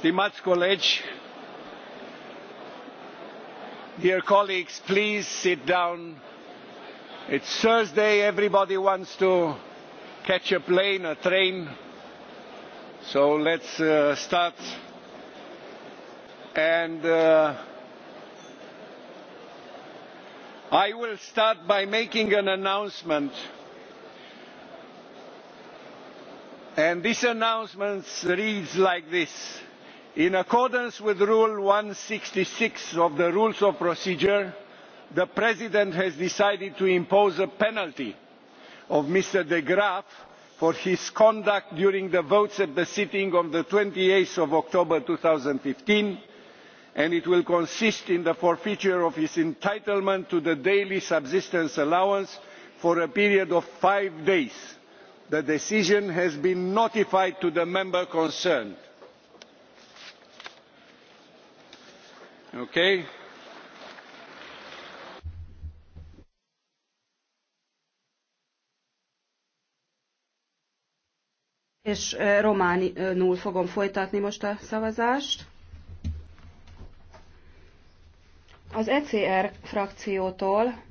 Stimați colegi, dear colleagues, please sit down. It's Thursday, everybody wants to catch a plane, a train. So let's uh, start. And uh, I will start by making an announcement. And this announcement reads like this in accordance with rule one hundred and sixty six of the rules of procedure the president has decided to impose a penalty on mr de graaf for his conduct during the votes at the sitting of twenty eight october two thousand and fifteen and it will consist in the forfeiture of his entitlement to the daily subsistence allowance for a period of five days. the decision has been notified to the member concerned. Okay. És románul fogom folytatni most a szavazást. Az ECR frakciótól